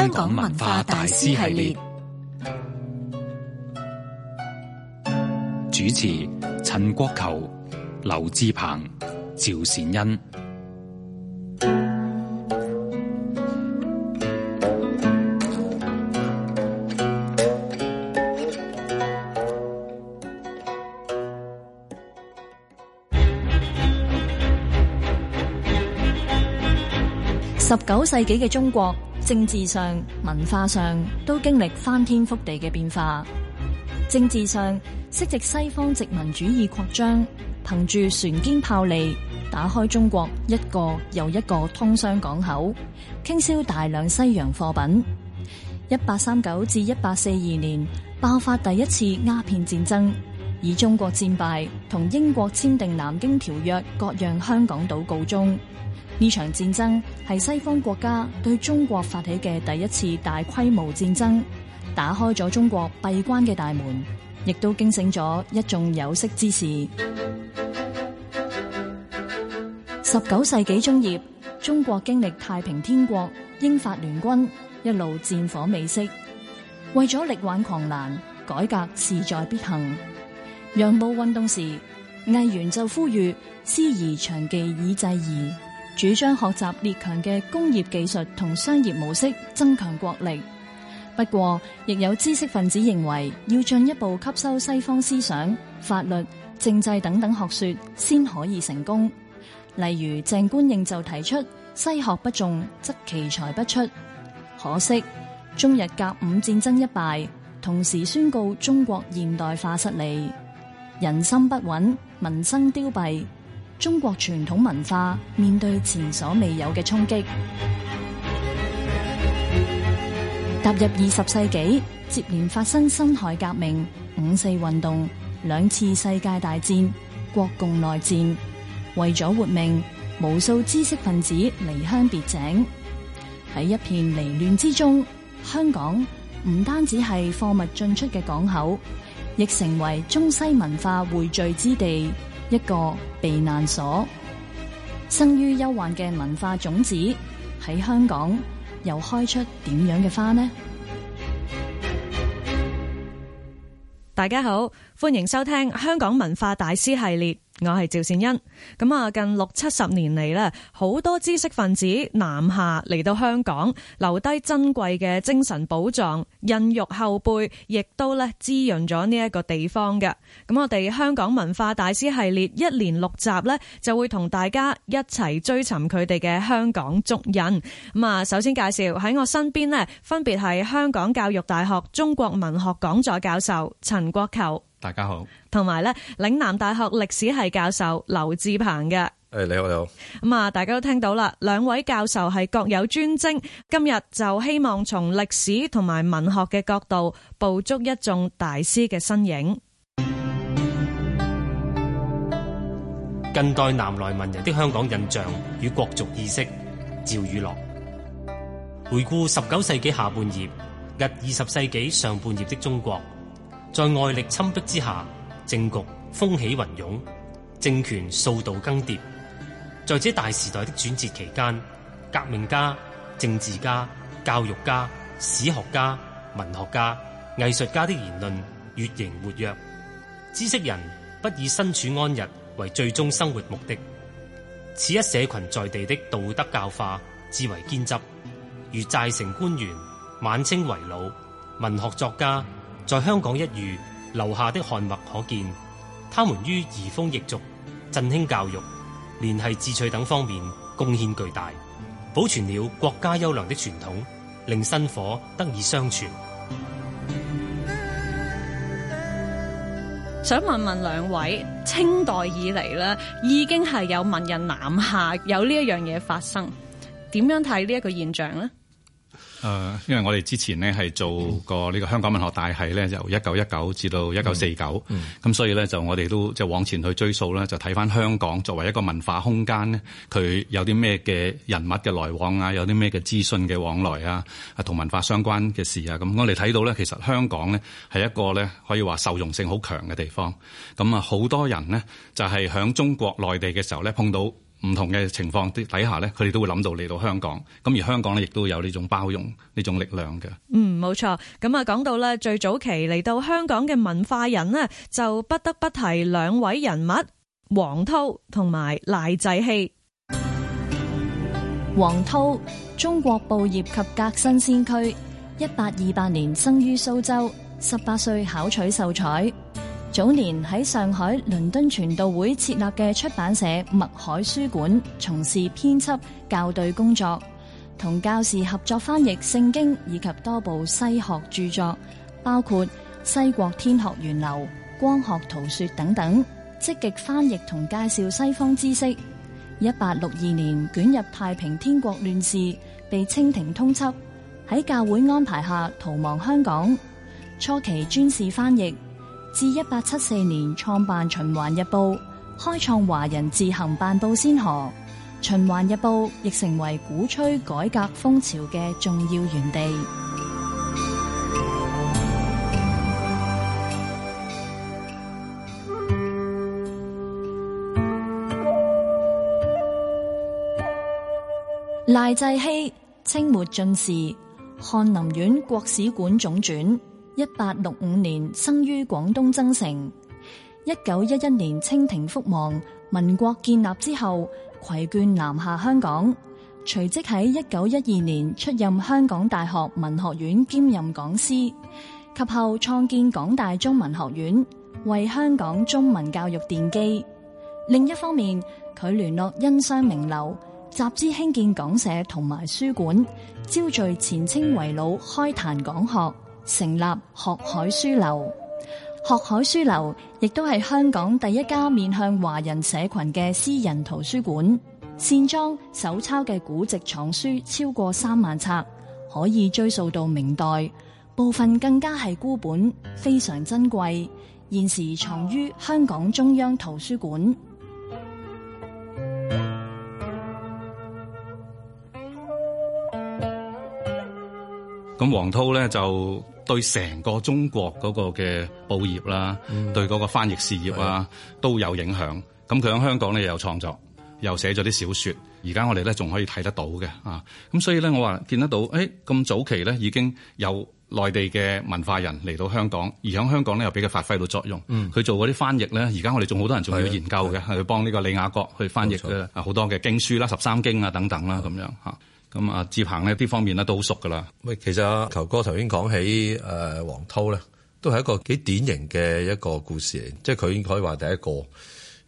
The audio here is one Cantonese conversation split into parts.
香港，香港文化大師系列，主持陳國球、劉志鵬、趙善恩。十九世紀嘅中國。政治上、文化上都經歷翻天覆地嘅變化。政治上，適值西方殖民主義擴張，憑住船堅炮利，打開中國一個又一個通商港口，傾銷大量西洋貨品。一八三九至一八四二年爆發第一次鴉片戰爭，以中國戰敗同英國簽訂南京條約，割讓香港島告終。呢場戰爭係西方國家對中國發起嘅第一次大規模戰爭，打開咗中國閉關嘅大門，亦都驚醒咗一眾有識之士。十九世紀中葉，中國經歷太平天國、英法聯軍一路戰火未息，為咗力挽狂瀾，改革勢在必行。洋務運動時，魏源就呼籲“師夷長技以制夷”。主張學習列強嘅工業技術同商業模式，增強國力。不過，亦有知識分子認為，要進一步吸收西方思想、法律、政制等等學說，先可以成功。例如鄭觀應就提出：西學不重，則奇才不出。可惜，中日甲午戰爭一敗，同時宣告中國現代化失利，人心不穩，民生凋敝。中國傳統文化面對前所未有的衝擊。踏入二十世紀，接連發生辛亥革命、五四運動、兩次世界大戰、國共內戰，為咗活命，無數知識分子離鄉別井。喺一片離亂之中，香港唔單止係貨物進出嘅港口，亦成為中西文化匯聚之地。一個避難所，生於憂患嘅文化種子喺香港又開出點樣嘅花呢？大家好，歡迎收聽香港文化大師系列。我係趙善恩，咁啊近六七十年嚟咧，好多知識分子南下嚟到香港，留低珍貴嘅精神寶藏，孕育後輩，亦都咧滋潤咗呢一個地方嘅。咁我哋香港文化大師系列一連六集呢，就會同大家一齊追尋佢哋嘅香港足印。咁啊，首先介紹喺我身邊呢，分別係香港教育大學中國文學講座教授陳國球。大家好，同埋咧，嶺南大學歷史系教授劉志鵬嘅誒，你好你好咁啊！大家都聽到啦，兩位教授係各有專精，今日就希望從歷史同埋文學嘅角度捕捉一眾大師嘅身影。近代南來文人的香港印象與國族意識，趙雨樂回顧十九世紀下半葉日二十世紀上半葉的中國。在外力侵逼之下，政局風起雲湧，政權數度更迭。在這大時代的轉折期間，革命家、政治家、教育家、史學家、文學家、藝術家的言論越形活躍。知識人不以身處安逸為最終生活目的。此一社群在地的道德教化至為堅執，如寨城官員、晚清遺老、文學作家。在香港一隅留下的翰墨可見，他們於移風易俗、振興教育、聯繫智趣等方面貢獻巨大，保存了國家優良的傳統，令薪火得以相傳。想問問兩位，清代以嚟呢已經係有文人南下，有呢一樣嘢發生，點樣睇呢一個現象呢？誒，因為我哋之前呢係做過呢個香港文學大系咧、嗯，由一九一九至到一九四九，咁、嗯、所以咧就我哋都即係往前去追溯啦，就睇翻香港作為一個文化空間咧，佢有啲咩嘅人物嘅來往啊，有啲咩嘅資訊嘅往來啊，啊同文化相關嘅事啊，咁我哋睇到咧，其實香港咧係一個咧可以話受容性好強嘅地方，咁啊好多人呢就係響中國內地嘅時候咧碰到，唔同嘅情況底下呢佢哋都會諗到嚟到香港。咁而香港呢，亦都有呢種包容呢種力量嘅。嗯，冇錯。咁啊，講到咧最早期嚟到香港嘅文化人呢，就不得不提兩位人物：王韜同埋賴際熙。王韜，中國報業及革新先驅，一八二八年生於蘇州，十八歲考取秀才。早年喺上海、倫敦傳道會設立嘅出版社墨海書館從事編輯校對工作，同教士合作翻譯聖經以及多部西學著作，包括《西國天學源流》《光學圖說》等等，積極翻譯同介紹西方知識。一八六二年捲入太平天國亂事，被清廷通緝，喺教會安排下逃亡香港。初期專事翻譯。至一八七四年創辦《循環日報》，開創華人自行辦報先河，《循環日報》亦成為鼓吹改革風潮嘅重要園地。賴際熙，清末進士，翰林院國史館總纂。一八六五年生於廣東增城，一九一一年清廷覆亡，民國建立之後，攜眷南下香港，隨即喺一九一二年出任香港大學文學院兼任講師，及後創建港大中文學院，為香港中文教育奠基。另一方面，佢聯絡殷商名流，集資興建港社同埋書館，招聚前清遺老開壇講學。成立學海書樓，學海書樓亦都係香港第一家面向華人社群嘅私人圖書館。線裝手抄嘅古籍藏書超過三萬冊，可以追溯到明代，部分更加係孤本，非常珍貴。現時藏於香港中央圖書館。咁黃濤呢就。對成個中國嗰個嘅報業啦、嗯，對嗰個翻譯事業啊，都有影響。咁佢喺香港咧又有創作，又寫咗啲小說。而家我哋咧仲可以睇得到嘅啊。咁所以咧，我話見得到，咁、欸、早期咧已經有內地嘅文化人嚟到香港，而喺香港咧又畀佢發揮到作用。佢、嗯、做嗰啲翻譯咧，而家我哋仲好多人仲要研究嘅，係去幫呢個理雅各去翻譯嘅好多嘅經書啦、十三經啊等等啦咁、嗯、樣吓咁啊，志鵬咧，呢方面咧都好熟噶啦。喂，其實球哥頭先講起誒王、呃、濤咧，都係一個幾典型嘅一個故事嚟，即係佢可以話第一個，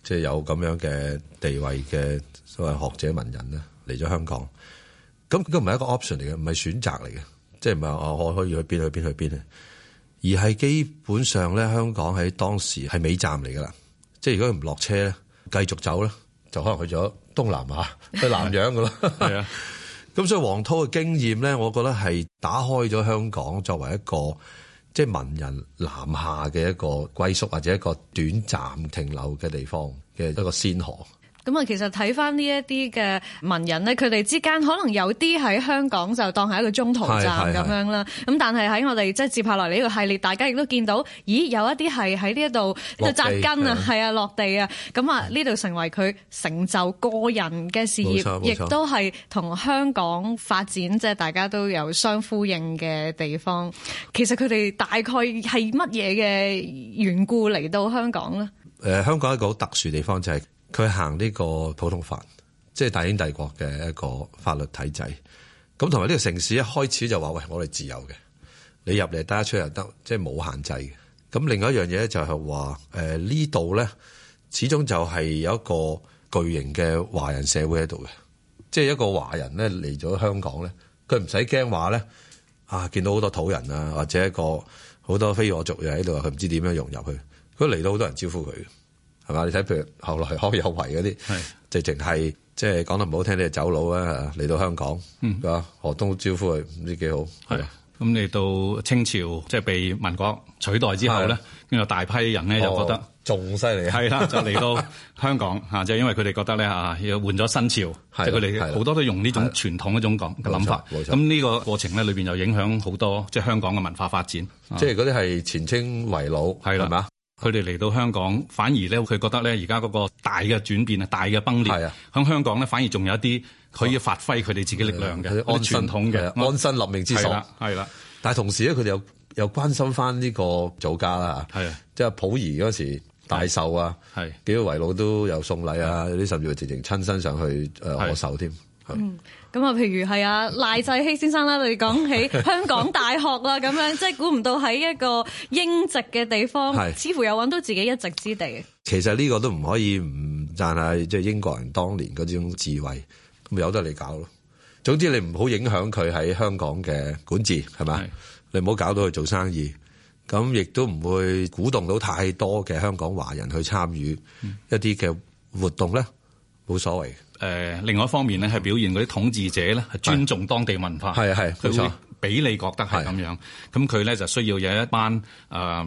即係有咁樣嘅地位嘅所謂學者文人嚟咗香港。咁佢都唔係一個 option 嚟嘅，唔係選擇嚟嘅，即係唔係我我可以去邊去邊去邊啊。而係基本上咧，香港喺當時係尾站嚟噶啦，即係如果佢唔落車咧，繼續走咧，就可能去咗東南亞 去南洋噶咯。 咁所以黃濤嘅經驗咧，我覺得係打開咗香港作為一個即係文人南下嘅一個歸宿或者一個短暫停留嘅地方嘅一個先河。咁啊，其實睇翻呢一啲嘅文人呢，佢哋之間可能有啲喺香港就當係一個中途站咁樣啦。咁但係喺我哋即係接下來呢個系列，大家亦都見到，咦，有一啲係喺呢一度扎根啊，係啊，落地啊，咁啊，呢度成為佢成就個人嘅事業，亦都係同香港發展即係大家都有相呼應嘅地方。其實佢哋大概係乜嘢嘅緣故嚟到香港呢？誒、呃，香港一個好特殊地方就係、是。佢行呢個普通法，即係大英帝國嘅一個法律體制。咁同埋呢個城市一開始就話：喂，我哋自由嘅，你入嚟得，出又得，即係冇限制嘅。咁另外一樣嘢就係話：呃、呢度咧，始終就係有一個巨型嘅華人社會喺度嘅。即係一個華人咧嚟咗香港咧，佢唔使驚話咧，啊見到好多土人啊，或者一個好多非我族嘅喺度，佢唔知點樣融入去。佢嚟到好多人招呼佢。係嘛？你睇譬如後來康有為嗰啲，直情係即係講得唔好聽，啲走佬啊嚟到香港，嗯嘛？何東招呼佢唔知幾好。係咁你到清朝，即係被民國取代之後咧，因為大批人咧又覺得仲犀利，係啦，就嚟到香港就即係因為佢哋覺得咧啊，要換咗新朝，係佢哋好多都用呢種傳統嗰種講嘅諗法。咁呢個過程咧，裏邊又影響好多，即係香港嘅文化發展。即係嗰啲係前清遺老，係啦，係嘛？佢哋嚟到香港，反而咧佢覺得咧，而家嗰個大嘅轉變啊，大嘅崩裂，喺、啊、香港咧反而仲有一啲，佢要發揮佢哋自己力量嘅傳、啊、統嘅、啊、安身立命之所，係啦、啊啊啊。但係同時咧，佢哋又又關心翻呢個祖家啦，係、啊、即係溥儀嗰時大壽啊，係、啊、幾個遺老都有送禮啊，有啲甚至係直情親身上去誒賀壽添。呃咁啊，譬如係啊賴濟熙先生啦，你講起香港大學啦，咁 樣即係估唔到喺一個英籍嘅地方，似乎又搵到自己一席之地。其實呢個都唔可以唔讚下，即係英國人當年嗰種智慧，咁由得你搞咯。總之你唔好影響佢喺香港嘅管治，係咪？你唔好搞到佢做生意，咁亦都唔會鼓動到太多嘅香港華人去參與一啲嘅活動咧，冇、嗯、所謂。誒另外一方面咧，係表現嗰啲統治者咧係尊重當地文化，係係佢俾你覺得係咁樣。咁佢咧就需要有一班誒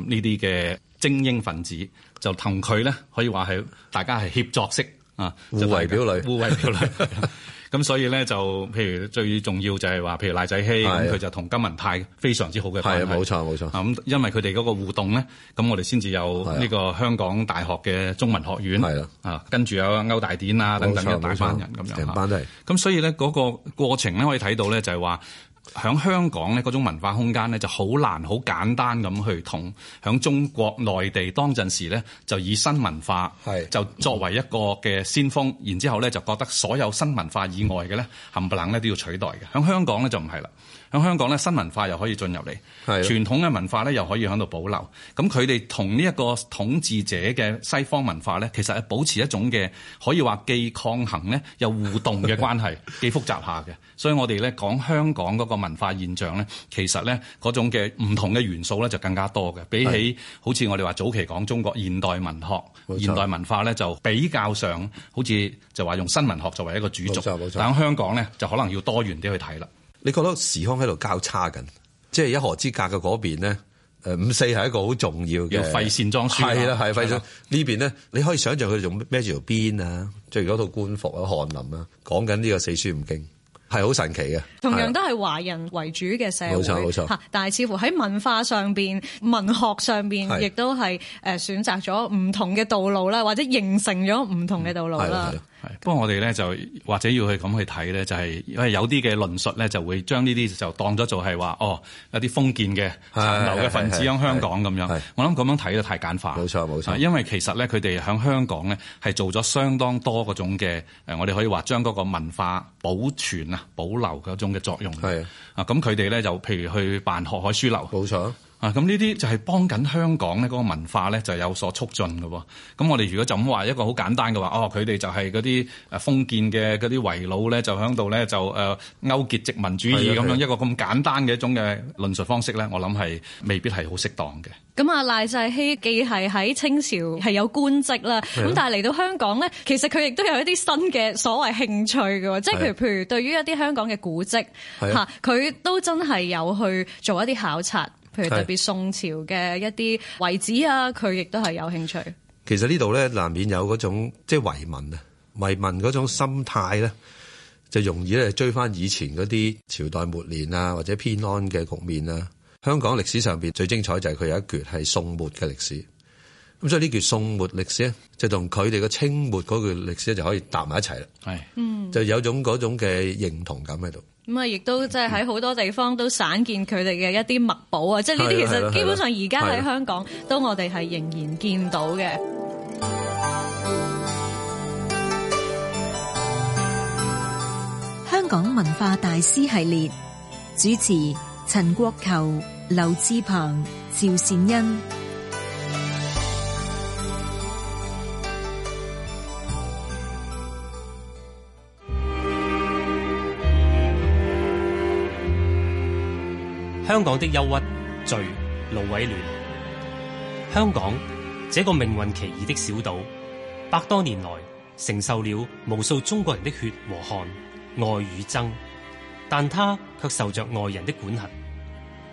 呢啲嘅精英分子，就同佢咧可以話係大家係協作式啊，互為表裏，互為表裏。 咁所以咧就，譬如最重要就係話，譬如賴際熙，咁佢就同金文泰非常之好嘅關係，冇錯冇錯。咁因為佢哋嗰個互動咧，咁我哋先至有呢個香港大學嘅中文學院，啊，跟住有歐大典啊等等嘅大班人咁樣，咁所以咧嗰、那個過程咧，可以睇到咧就係話。響香港呢嗰種文化空間呢，就好難好簡單咁去統。喺中國內地當陣時呢，就以新文化就作為一個嘅先鋒，然之後呢，就覺得所有新文化以外嘅呢，冚唪唥咧都要取代嘅。喺香港呢，就唔係啦。喺香港咧，新文化又可以進入嚟，傳統嘅文化咧又可以喺度保留。咁佢哋同呢一個統治者嘅西方文化咧，其實係保持一種嘅可以話既抗衡咧又互動嘅關係，既複雜下嘅。所以我哋咧講香港嗰個文化現象咧，其實咧嗰種嘅唔同嘅元素咧就更加多嘅。比起好似我哋話早期講中國現代文學、現代文化咧，就比較上好似就話用新文學作為一個主軸。冇錯冇錯。但香港咧，就可能要多元啲去睇啦。你覺得時空喺度交叉緊，即係一河之隔嘅嗰邊咧，誒五四係一個好重要嘅廢線裝書、啊，係啦係，廢咗呢邊咧，你可以想像佢仲孭住條辮啊，著住嗰套官服啊，翰林啊，講緊呢個四書五經，係好神奇嘅。同樣都係華人為主嘅社會，冇錯冇錯。但係似乎喺文化上邊、文學上邊，亦都係誒選擇咗唔同嘅道路啦，或者形成咗唔同嘅道路啦。嗯。不過我哋咧，就或者要這樣去咁去睇咧，就係因為有啲嘅論述咧，就會將呢啲就當咗做係話哦，一啲封建嘅殘留嘅分子響香港咁樣。我諗咁樣睇得太簡化。冇錯冇錯，因為其實咧佢哋響香港咧係做咗相當多嗰種嘅誒，我哋可以話將嗰個文化保存啊、保留嗰種嘅作用。係啊，咁佢哋咧，就譬如去辦學海書樓。冇錯。咁呢啲就係幫緊香港呢嗰個文化咧就有所促進嘅喎。咁我哋如果就咁話一個好簡單嘅話，哦，佢哋就係嗰啲封建嘅嗰啲遺老咧，就喺度咧就誒勾結殖民主義咁樣一個咁簡單嘅一種嘅論述方式咧，我諗係未必係好適當嘅。咁啊，賴世熙既係喺清朝係有官職啦，咁但係嚟到香港咧，其實佢亦都有一啲新嘅所謂興趣嘅，即係譬如譬如對於一啲香港嘅古跡嚇，佢、啊、都真係有去做一啲考察。譬如特別宋朝嘅一啲遺址啊，佢亦都係有興趣。其實呢度咧，難免有嗰種即係、就是、遺民啊、遺民嗰種心態咧，就容易咧追翻以前嗰啲朝代末年啊，或者偏安嘅局面啊。香港歷史上邊最精彩就係佢有一段係宋末嘅歷史。咁所以呢段宋末歷史咧，就同佢哋嘅清末嗰段歷史咧就可以搭埋一齊啦。係，就有一種嗰種嘅認同感喺度。咁啊，亦都即係喺好多地方都散見佢哋嘅一啲墨寶啊！即係呢啲其實基本上而家喺香港，都我哋係仍然見到嘅。香港文化大師系列主持：陳國球、劉志鵬、趙善恩。香港的憂鬱、罪、盧偉亂，香港這個命運奇異的小島，百多年來承受了無數中國人的血和汗、愛與憎，但他卻受着外人的管轄。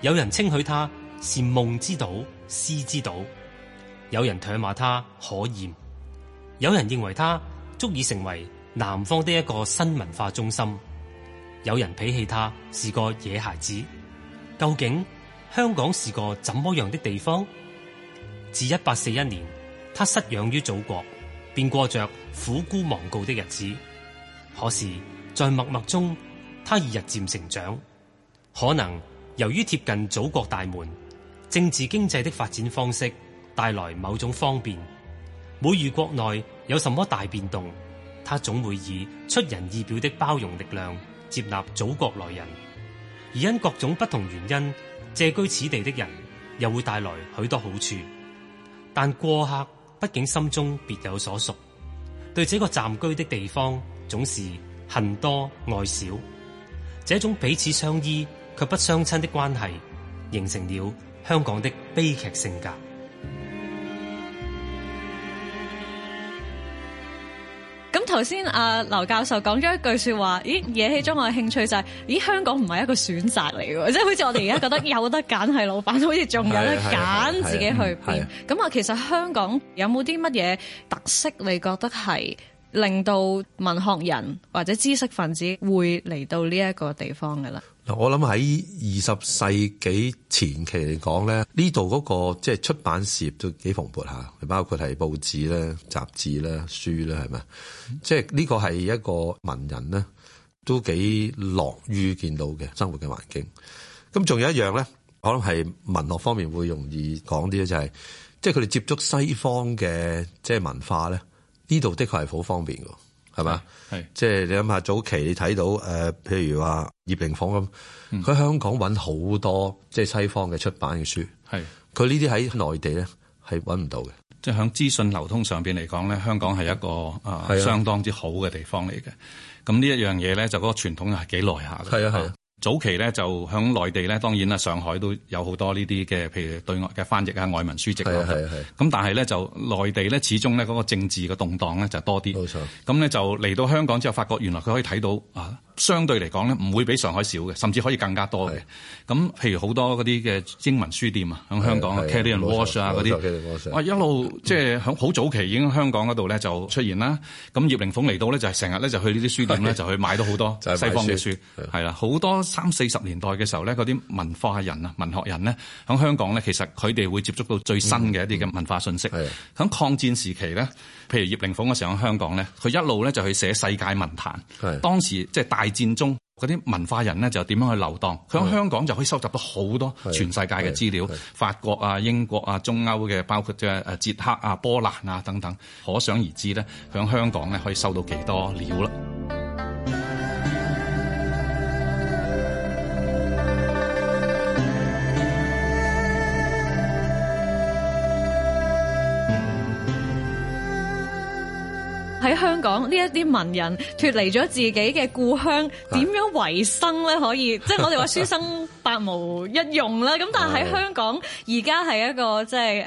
有人稱許它是夢之島、詩之島，有人唾罵它可厭，有人認為它足以成為南方的一個新文化中心，有人鄙棄它是個野孩子。究竟香港是個怎麼樣的地方？自一八四一年，他失養於祖國，便過着苦孤忘告的日子。可是，在默默中，他已日漸成長。可能由於貼近祖國大門，政治經濟的發展方式帶來某種方便。每遇國內有什麼大變動，他總會以出人意表的包容力量接納祖國來人。而因各種不同原因借居此地的人，又會帶來許多好處。但過客畢竟心中別有所屬，對這個暫居的地方總是恨多愛少。這種彼此相依卻不相親的關係，形成了香港的悲劇性格。咁頭先阿劉教授講咗一句說話，咦惹起咗我嘅興趣就係，咦，香港唔係一個選擇嚟嘅，即係好似我哋而家覺得有得揀係老闆，好似仲有得揀自己去邊。咁啊，其實香港有冇啲乜嘢特色？你覺得係令到文學人或者知識分子會嚟到呢一個地方嘅啦？嗱，我諗喺二十世紀前期嚟講咧，呢度嗰個即係出版事業都幾蓬勃下，包括係報紙咧、雜誌咧、書咧，係咪？即係呢個係一個文人咧都幾樂於見到嘅生活嘅環境。咁仲有一樣咧，可能係文學方面會容易講啲咧，就係即係佢哋接觸西方嘅即係文化咧，呢度的確係好方便嘅。係嘛？即係、就是、你諗下早期你睇到誒、呃，譬如話葉靈鳳咁，佢、嗯、香港揾好多即係、就是、西方嘅出版嘅書，係佢呢啲喺內地咧係揾唔到嘅。即係響資訊流通上邊嚟講咧，香港係一個、呃、係啊相當之好嘅地方嚟嘅。咁呢一樣嘢咧，就嗰個傳統又係幾耐下嘅。係啊，係啊。早期咧就響內地咧，當然啦，上海都有好多呢啲嘅，譬如對外嘅翻譯啊、外文書籍啊。係係係。咁但係咧就內地咧，始終咧嗰個政治嘅動蕩咧就多啲。冇錯。咁咧就嚟到香港之後，發覺原來佢可以睇到啊。相對嚟講咧，唔會比上海少嘅，甚至可以更加多嘅。咁譬如好多嗰啲嘅英文書店啊，響香港啊 Caledonian Wash 啊嗰啲，Walsh, Walsh, Walsh, Walsh, 一路即係好早期已經香港嗰度咧就出現啦。咁、嗯、葉靈鳳嚟到咧就係成日咧就去呢啲書店咧就去買到好多西方嘅書，係、就、啦、是，好多三四十年代嘅時候咧嗰啲文化人啊、文學人咧響香港咧其實佢哋會接觸到最新嘅一啲嘅文化信息。咁、嗯、抗戰時期咧。譬如葉靈鳳嗰時喺香港咧，佢一路咧就去寫世界文壇。是當時即係、就是、大戰中嗰啲文化人咧，就點樣去流蕩？佢喺香港就可以收集到好多全世界嘅資料，法國啊、英國啊、中歐嘅，包括即係捷克啊、波蘭啊等等。可想而知咧，喺香港咧可以收到幾多料啦。講呢一啲文人脱離咗自己嘅故鄉，點樣為生咧？可以， 即係我哋話書生百無一用啦。咁但係喺香港而家係一個即係誒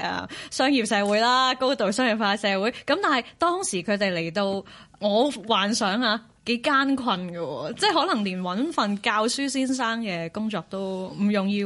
商業社會啦，高度商業化社會。咁但係當時佢哋嚟到，我幻想呀，幾艱困噶，即係可能連搵份教書先生嘅工作都唔容易。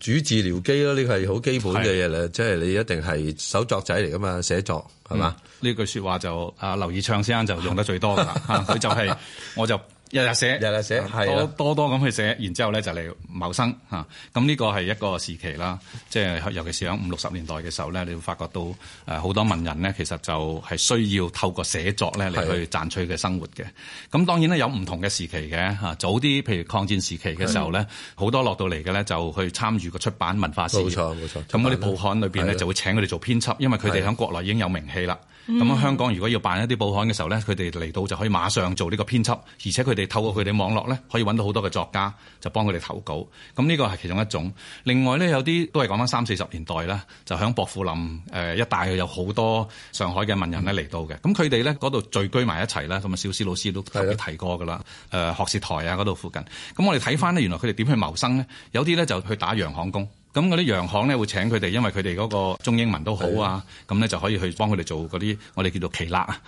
主治療機咯，呢個係好基本嘅嘢嚟，即係你一定係手作仔嚟噶嘛，寫作係嘛？呢、嗯嗯、句説話就啊，劉以鬯先生就用得最多㗎，佢、 啊、就係、是、 我就。日日寫，日日寫，多，多多多咁去寫，然之後咧就嚟謀生嚇。咁、啊、呢、這個係一個時期啦，即係尤其是響五六十年代嘅時候咧，你會發覺到好、呃、多文人咧，其實就係需要透過寫作咧嚟去賺取嘅生活嘅。咁當然咧有唔同嘅時期嘅、啊、早啲譬如抗戰時期嘅時候咧，好多落到嚟嘅咧就去參與個出版文化事業。冇錯冇錯，咁嗰啲報刊裏面咧就會請佢哋做編輯，因為佢哋響國內已經有名氣啦。咁、嗯、啊，香港如果要辦一啲報刊嘅時候咧，佢哋嚟到就可以馬上做呢個編輯，而且佢哋透過佢哋網絡咧，可以搵到好多嘅作家，就幫佢哋投稿。咁呢個係其中一種。另外咧，有啲都係講翻三四十年代啦，就喺薄扶林誒一帶有好多上海嘅文人咧嚟到嘅。咁佢哋咧嗰度聚居埋一齊啦，同埋小思老師都特別提過㗎啦。誒，學士台啊嗰度附近。咁我哋睇翻呢，原來佢哋點去謀生呢？有啲咧就去打洋行工。咁嗰啲洋行咧會請佢哋，因為佢哋嗰個中英文都好啊，咁咧就可以去幫佢哋做嗰啲我哋叫做奇辣，啊，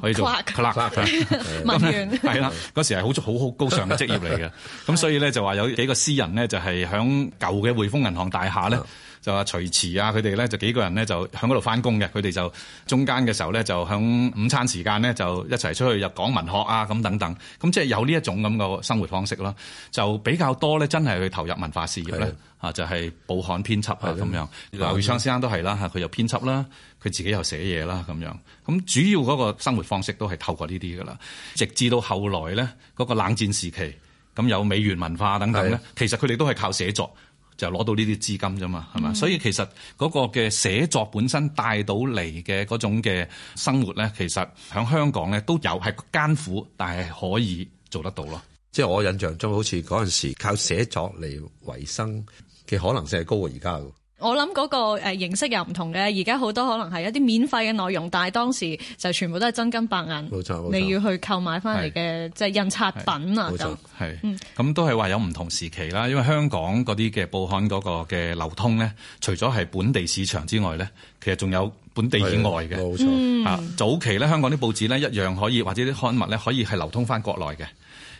可以做奇、oh, 辣。Clark, Clark, 是的 文員，奇辣，嗰時係好好好高尚嘅職業嚟嘅，咁 所以咧 就話有幾個私人咧就係響舊嘅匯豐銀行大廈咧。就話徐遲啊，佢哋咧就幾個人咧就喺嗰度翻工嘅，佢哋就中間嘅時候咧就響午餐時間咧就一齊出去入講文學啊咁等等，咁即係有呢一種咁嘅生活方式啦，就比較多咧，真係去投入文化事業咧啊，就係、是、報刊編輯啊咁樣，劉以鬯先生都係啦嚇，佢又編輯啦，佢自己又寫嘢啦咁樣，咁主要嗰個生活方式都係透過呢啲噶啦，直至到後來咧嗰、那個冷戰時期，咁有美援文化等等咧，其實佢哋都係靠寫作。就攞到呢啲資金啫嘛，係嘛？嗯、所以其實嗰個嘅寫作本身帶到嚟嘅嗰種嘅生活咧，其實喺香港咧都有係艱苦，但係可以做得到咯。即係我印象中，好似嗰陣時靠寫作嚟維生嘅可能性係高過而家。我諗嗰個誒形式，又唔同嘅，而家好多可能係一啲免費嘅內容，但係當時就全部都係真金白銀，冇錯，冇錯，你要去購買翻嚟嘅，即係印刷品啊，咁係，咁、嗯、都係話有唔同時期啦。因為香港嗰啲嘅報刊嗰個嘅流通咧，除咗係本地市場之外咧，其實仲有本地以外嘅，冇錯啊。早期咧，香港啲報紙咧一樣可以，或者啲刊物咧可以係流通翻國內嘅。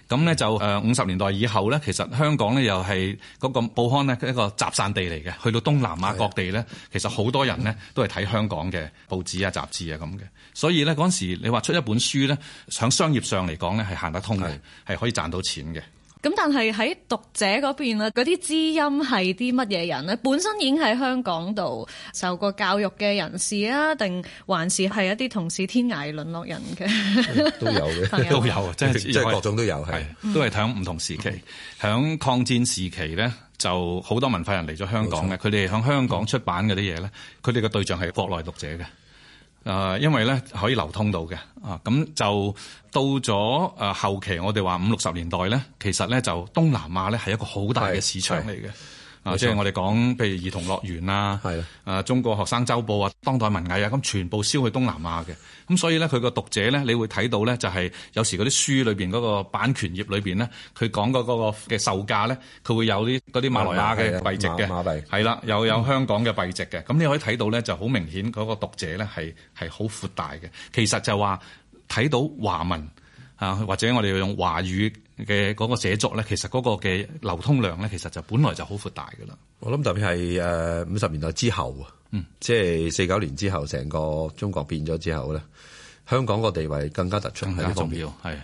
咁呢，就誒五十年代以後呢，其實香港呢又係嗰個報刊呢一個集散地嚟嘅，去到東南亞各地呢，其實好多人呢都係睇香港嘅報紙啊、雜誌啊咁嘅，所以呢，嗰陣時你話出一本書呢，喺商業上嚟講呢，係行得通嘅，係可以賺到錢嘅。咁但係喺讀者嗰邊啦，嗰啲知音係啲乜嘢人呢？本身已經喺香港度受過教育嘅人士啊，定還是係一啲同是天涯淪落人嘅 都有嘅，都有啊，即係即係各種都有，係、嗯、都係響唔同時期。響抗戰時期咧，就好多文化人嚟咗香港嘅，佢哋響香港出版嗰啲嘢咧，佢哋嘅對象係國內讀者嘅。誒、呃，因為咧可以流通到嘅，啊，咁就到咗誒、呃，後期我，我哋話五六十年代咧，其實咧就東南亞咧係一個好大嘅市場嚟嘅。啊！即係我哋講，譬如兒童樂園啦，係啊中國學生周報啊，當代文藝啊，咁全部銷去東南亞嘅。咁所以咧，佢個讀者咧，你會睇到咧，就係有時嗰啲書裏邊嗰、嗰個版權頁裏邊咧，佢講嗰嗰個嘅售價咧，佢會有啲嗰啲馬來亞嘅幣值嘅，係啦，又有香港嘅幣值嘅。咁你可以睇到咧，就好明顯嗰個讀者咧係係好闊大嘅。其實就話睇到華文啊，或者我哋用華語。嘅嗰個寫作咧，其實嗰個嘅流通量咧，其實就本來就好闊大㗎喇。我諗特別係誒五十年代之後啊，嗯，即係四九年之後，成個中國變咗之後咧。香港個地位更加突出，更加重要，係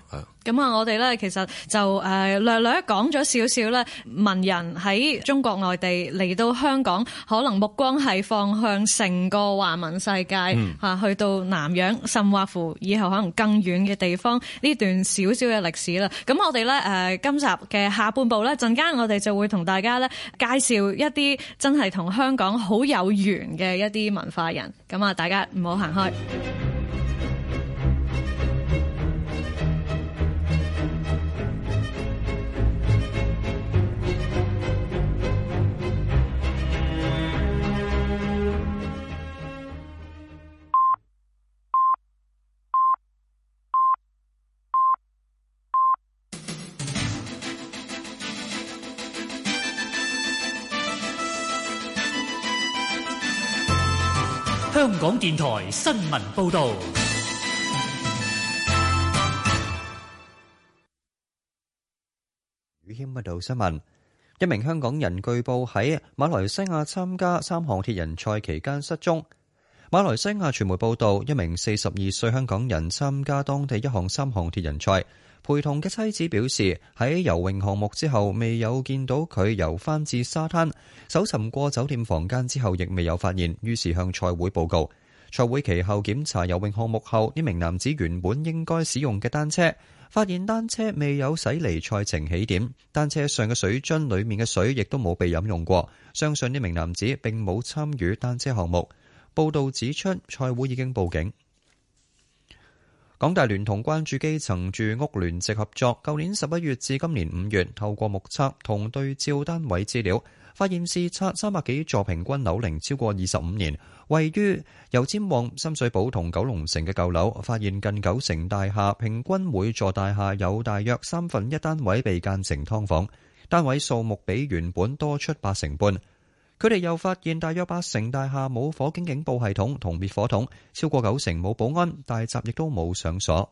咁啊，我哋呢，其實就誒略略講咗少少咧，文人喺中國內地嚟到香港，可能目光係放向成個華文世界、嗯、去到南洋、甚或乎以後可能更遠嘅地方呢段少少嘅歷史啦。咁我哋呢，誒今集嘅下半部呢，陣間我哋就會同大家呢介紹一啲真係同香港好有緣嘅一啲文化人。咁啊，大家唔好行開。嗯港電台新聞報道：語謙報道新聞，一名香港人據報喺馬來西亞參加三項鐵人賽期間失蹤。馬來西亞傳媒報道，一名四十二歲香港人參加當地一項三項鐵人賽。陪同嘅妻子表示，喺游泳項目之後未有見到佢游翻至沙灘，搜尋過酒店房間之後亦未有發現，於是向賽會報告。賽會其後檢查游泳項目後，呢名男子原本應該使用嘅單車，發現單車未有駛離賽程起點，單車上嘅水樽裏面嘅水亦都冇被飲用過，相信呢名男子並冇參與單車項目。報道指出，賽會已經報警。港大聯同關注基層住屋，屋聯席合作，舊年十一月至今年五月，透過目測同對照單位資料，發現視測三百幾座平均樓齡超過二十五年，位於油尖旺、深水埗同九龍城嘅舊樓，發現近九成大廈平均每座大廈有大約三分一單位被間成劏房，單位數目比原本多出八成半。佢哋又發現，大約八成大廈冇火警警報系統同滅火筒，超過九成冇保安，大閘亦都冇上鎖。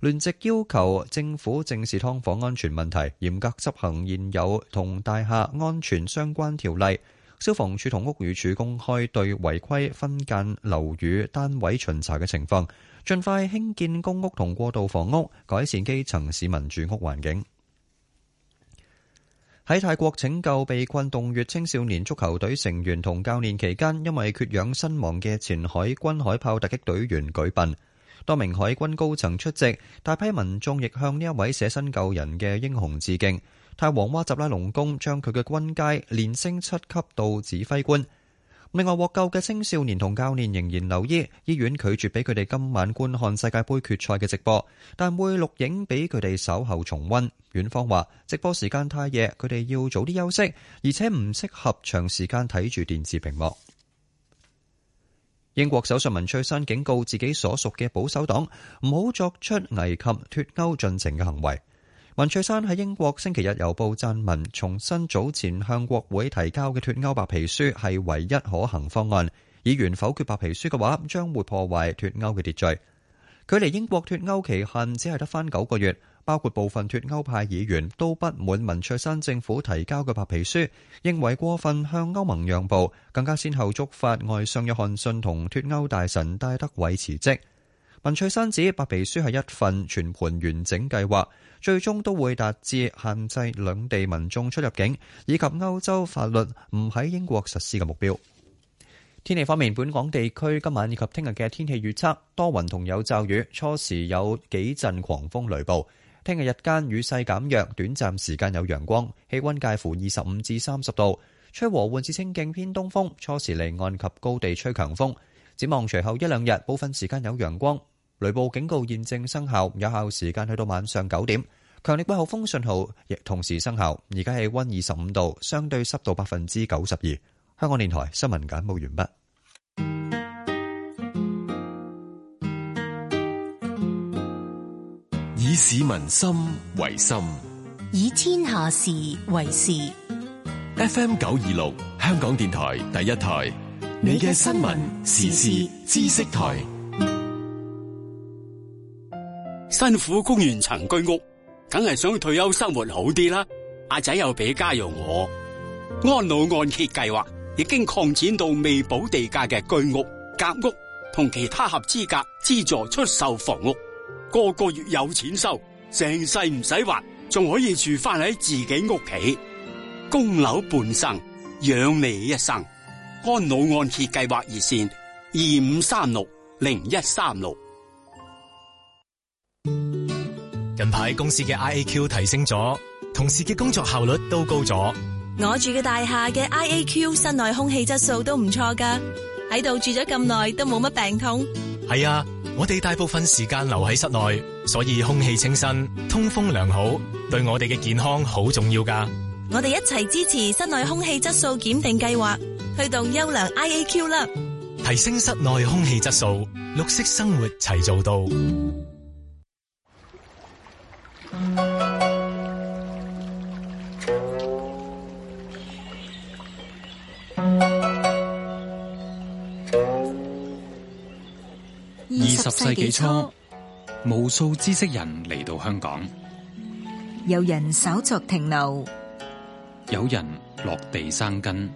聯席要求政府正視劏房安全問題，嚴格執行現有同大廈安全相關條例。消防處同屋宇署公開對違規分間樓宇單位巡查嘅情況，盡快興建公屋同過渡房屋，改善基層市民住屋環境。喺泰國拯救被困洞穴青少年足球隊成員同教練期間，因為缺氧身亡嘅前海軍海豹突擊隊員舉殯，多名海軍高層出席，大批民眾亦向呢一位捨身救人嘅英雄致敬。泰皇哇扎拉隆功將佢嘅軍階連升七級到指揮官。另外獲救嘅青少年同教練仍然留醫，醫院拒絕俾佢哋今晚觀看世界杯決賽嘅直播，但會錄影俾佢哋稍後重溫。院方話直播時間太夜，佢哋要早啲休息，而且唔適合長時間睇住電視屏幕。英國首相文翠珊警告自己所屬嘅保守黨唔好作出危及脱歐進程嘅行為。文翠山喺英國星期日郵報撰文，重申早前向國會提交嘅脫歐白皮書係唯一可行方案。議員否決白皮書嘅話，將會破壞脫歐嘅秩序。距離英國脫歐期限只係得翻九個月，包括部分脫歐派議員都不滿文翠山政府提交嘅白皮書，認為過分向歐盟讓步。更加先後，觸發外相約翰遜同脫歐大臣戴德偉辭職。文翠珊指白皮書係一份全盤完整計劃，最終都會達至限制兩地民眾出入境以及歐洲法律唔喺英國實施嘅目標。天氣方面，本港地區今晚以及聽日嘅天氣預測多雲同有驟雨，初時有幾陣狂風雷暴。聽日日間雨勢減弱，短暫時間有陽光，氣溫介乎二十五至三十度，吹和緩至清勁偏東風。初時離岸及高地吹強風，展望隨後一兩日部分時間有陽光。雷暴警告現正生效，有效時間去到晚上九點。強烈季候風信號亦同時生效。而家氣溫二十五度，相對濕度百分之九十二。香港電台新聞簡報完畢。以市民心為心，以天下事為事。FM 九二六，香港電台第一台，你嘅新聞時事知識台。辛苦供完層層居屋，梗係想退休生活好啲啦。阿仔又俾家用我。安老按揭計劃已經擴展到未補地價嘅居屋、夾屋同其他合資格資助出售房屋，個個月有錢收，成世唔使還，仲可以住翻喺自己屋企，供樓半生，養你一生。安老按揭計劃熱線：二五三六零一三六。近排公司嘅 IAQ 提升咗，同事嘅工作效率都高咗。我住嘅大廈嘅 IAQ 室內空氣質素都唔錯噶，喺度住咗咁耐都冇乜病痛。係啊，我哋大部分時間留喺室內，所以空氣清新、通風良好，對我哋嘅健康好重要噶。我哋一齊支持室內空氣質素檢定計劃，推動優良 IAQ 啦，提升室內空氣質素，綠色生活齊做到。紀二十世紀初，無數知識人嚟到香港，有人稍作停留，有人落地生根，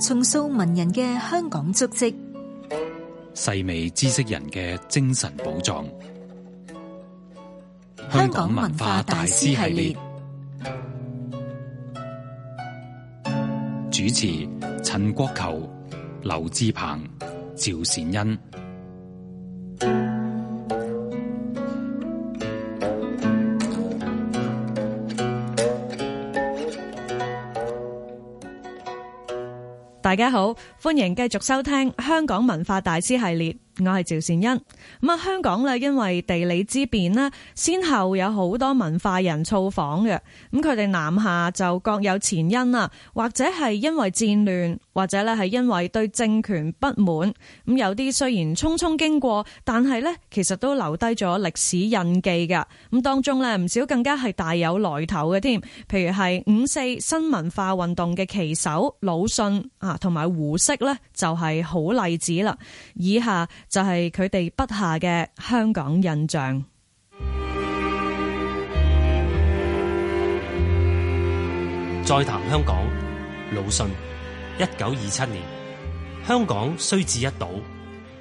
重塑文人嘅香港足迹，細味知識人嘅精神寶藏。香港，香港文化大師系列主持：陳國球、劉志鵬、趙善恩。大家好，歡迎繼續收聽香港文化大師系列。我係趙善恩，咁啊，香港咧因為地理之便咧，先後有好多文化人造訪嘅，咁佢哋南下就各有前因啦，或者係因為戰亂，或者咧係因為對政權不滿，咁有啲雖然匆匆經過，但係呢其實都留低咗歷史印記噶，咁當中呢，唔少更加係大有來頭嘅添，譬如係五四新文化運動嘅旗手魯迅啊，同埋胡適呢，就係好例子啦，以下。就係佢哋筆下嘅香港印象。再談香港，魯迅一九二七年，香港雖只一島，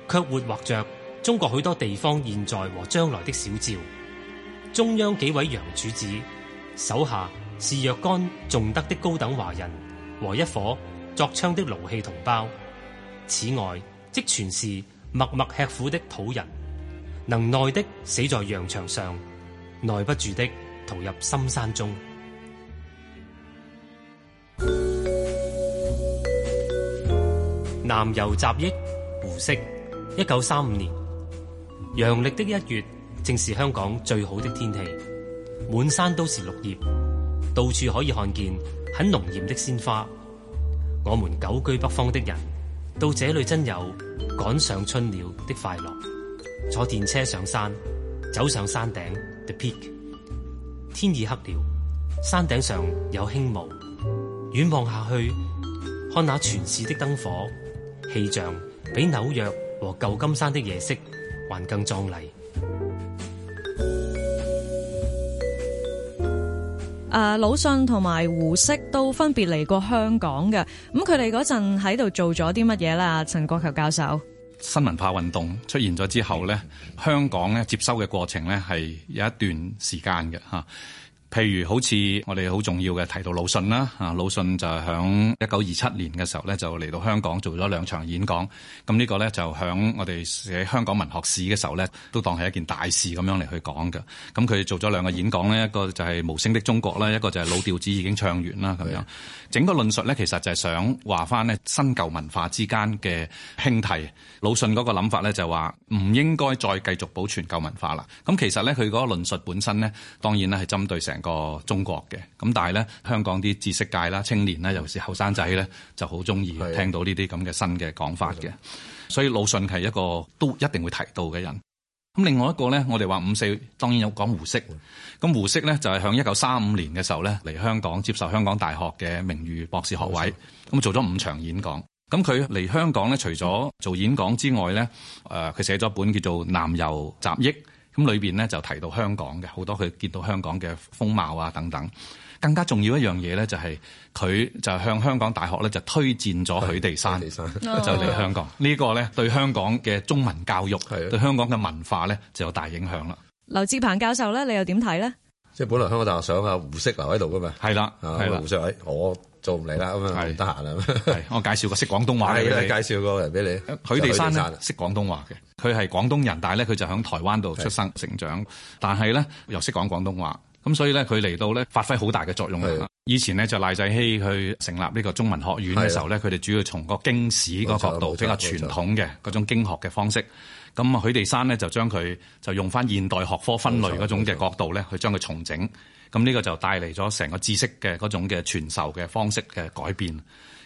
卻活畫着中國許多地方現在和將來的小照。中央幾位洋主子，手下是若干仲德的高等華人和一伙作槍的勞氣同胞。此外，即全是。默默吃苦的土人，能耐的死在羊場上，耐不住的逃入深山中。南遊雜憶胡適，一九三五年，陽曆的一月，正是香港最好的天氣，滿山都是綠葉，到處可以看見很濃豔的鮮花。我們久居北方的人，到這裡真有趕上春鳥的快樂，坐電車上山，走上山頂，The Peak，天已黑了，山頂上有輕霧，遠望下去，看那全市的燈火，氣象比紐約和舊金山的夜色還更壯麗。誒魯迅同埋胡適都分別嚟過香港嘅，咁佢哋嗰陣喺度做咗啲乜嘢啦？陳國球教授，新文化運動出現咗之後呢，香港呢接收嘅過程呢係有一段時間嘅吓。譬如好似我哋好重要嘅提到魯迅啦，啊魯迅就係響一九二七年嘅時候咧，就嚟到香港做咗兩場演講。咁呢個咧就響我哋寫香港文學史嘅時候咧，都當係一件大事咁樣嚟去講嘅。咁佢做咗兩個演講咧，一個就係《無聲的中國》啦，一個就係《老調子已經唱完》啦咁樣。整個論述咧，其實就係想話翻咧新舊文化之間嘅興替魯迅嗰個諗法咧，就話唔應該再繼續保存舊文化啦。咁其實咧，佢嗰個論述本身咧，當然咧係針對成。個中國嘅咁，但係咧香港啲知識界啦、青年啦，尤其是後生仔咧，就好中意聽到呢啲咁嘅新嘅講法嘅。所以魯迅係一個都一定會提到嘅人。咁另外一個咧，我哋話五四當然有講胡適。咁胡適咧就係響一九三五年嘅時候咧嚟香港接受香港大學嘅名譽博士學位。咁做咗五場演講。咁佢嚟香港咧，除咗做演講之外咧，誒、呃、佢寫咗本叫做《南遊雜憶》。咁裏邊咧就提到香港嘅好多佢見到香港嘅風貌啊等等，更加重要一樣嘢咧就係、是、佢就向香港大學咧就推薦咗許地山就嚟香港，呢 個咧對香港嘅中文教育，對香港嘅文化咧就有大影響啦。劉志鵬教授咧，你又點睇咧？即係本來香港大學想啊胡適留喺度噶嘛？係啦，係啦，胡適喺我。做唔嚟啦，咁啊唔得閒啦，係我介紹個識廣東話嘅，介紹個人俾你。許地山咧識廣東話嘅，佢係廣東人，但係咧佢就響台灣度出生成長，但係咧又識講廣東話，咁所以咧佢嚟到咧發揮好大嘅作用啦。以前咧就賴際熙去成立呢個中文學院嘅時候咧，佢哋主要從個經史個角度比較傳統嘅嗰種經學嘅方式。咁啊，許地山咧就將佢就用翻現代學科分類嗰種嘅角度咧，去將佢重整。咁呢個就帶嚟咗成個知識嘅嗰種嘅傳授嘅方式嘅改變。